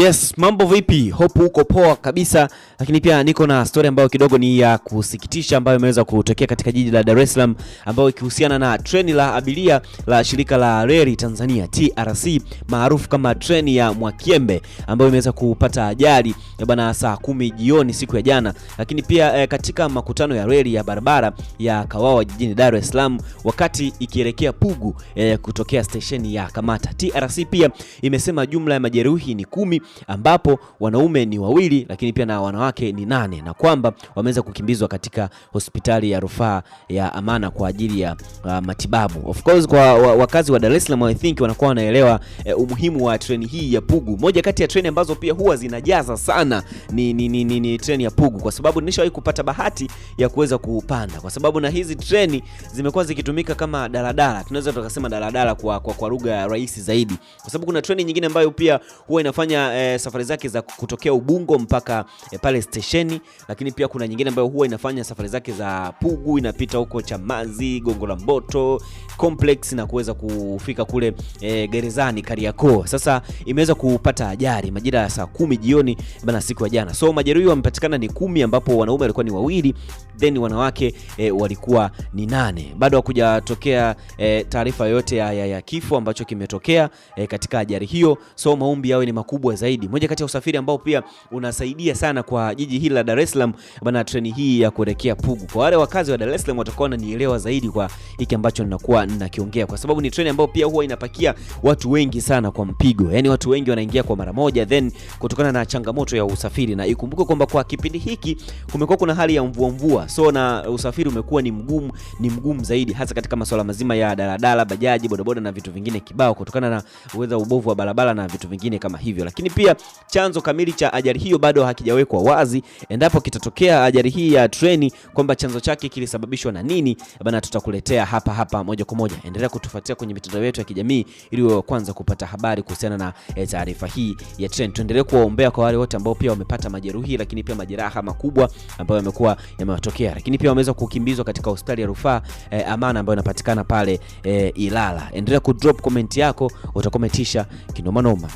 Yes, mambo vipi? Hope uko poa kabisa, lakini pia niko na story ambayo kidogo ni ya kusikitisha ambayo imeweza kutokea katika jiji la Dar es Salaam, ambayo ikihusiana na treni la abiria la shirika la reli Tanzania TRC maarufu kama treni ya Mwakyembe ambayo imeweza kupata ajali bana saa kumi jioni siku ya jana, lakini pia eh, katika makutano ya reli ya barabara ya Kawawa jijini Dar es Salaam wakati ikielekea Pugu eh, kutokea stesheni ya Kamata. TRC pia imesema jumla ya majeruhi ni kumi ambapo wanaume ni wawili lakini pia na wanawake ni nane na kwamba wameweza kukimbizwa katika hospitali ya rufaa ya Amana kwa ajili ya uh, matibabu. Of course kwa wakazi wa Dar es Salaam I think wanakuwa wanaelewa eh, umuhimu wa treni hii ya Pugu. Moja kati ya treni ambazo pia huwa zinajaza sana ni, ni, ni, ni, ni treni ya Pugu kwa sababu nishawahi kupata bahati ya kuweza kupanda kwa sababu na hizi treni zimekuwa zikitumika kama daladala, tunaweza tukasema daladala kwa, kwa, kwa lugha rahisi zaidi kwa sababu sababu kuna treni nyingine ambayo pia huwa inafanya e, safari zake za kutokea Ubungo mpaka e, pale stesheni, lakini pia kuna nyingine ambayo huwa inafanya safari zake za Pugu, inapita huko Chamazi, Gongo la Mboto complex na kuweza kufika kule e, gerezani Kariakoo. Sasa imeweza kupata ajali majira ya saa kumi jioni bana siku ya jana, so majeruhi wamepatikana ni kumi, ambapo wanaume walikuwa ni wawili then wanawake e, walikuwa ni nane. Bado hakujatokea e, taarifa yoyote ya, ya, ya kifo ambacho kimetokea e, katika katika ajali hiyo, so maombi yawe ni makubwa zaidi. Moja kati ya usafiri ambao pia unasaidia sana kwa jiji hili la Dar es Salaam bana, treni hii ya kuelekea Pugu. Kwa wale wakazi wa Dar es Salaam watakuwa wananielewa zaidi kwa hiki ambacho ninakuwa ninakiongea, kwa sababu ni treni ambayo pia huwa inapakia watu wengi sana kwa mpigo, yani watu wengi wanaingia kwa mara moja, then kutokana na changamoto ya usafiri, na ikumbuke kwamba kwa kipindi hiki kumekuwa kuna hali ya mvua mvua, so na usafiri umekuwa ni mgumu, ni mgumu zaidi, hasa katika masuala mazima ya daladala, bajaji, bodaboda na vitu vingine kibao, kutokana na uwezo ubovu wa barabara na vitu vingine kama hivyo, lakini pia chanzo kamili cha ajali hiyo bado hakijawekwa wazi. Endapo kitatokea ajali hii ya treni kwamba chanzo chake kilisababishwa na nini bana, tutakuletea hapa hapa moja kwa moja. Endelea kutufuatia kwenye mitandao yetu ya kijamii ili uwe wa kwanza kupata habari kuhusiana na eh, taarifa hii ya treni. Tuendelee kuwaombea kwa wale wote ambao pia wamepata majeruhi, lakini pia majeraha makubwa ambayo yamekuwa yamewatokea, lakini pia wameweza kukimbizwa katika hospitali ya rufaa eh, Amana ambayo inapatikana pale eh, Ilala. Endelea kudrop comment yako utakomenti kutisha kinomanoma.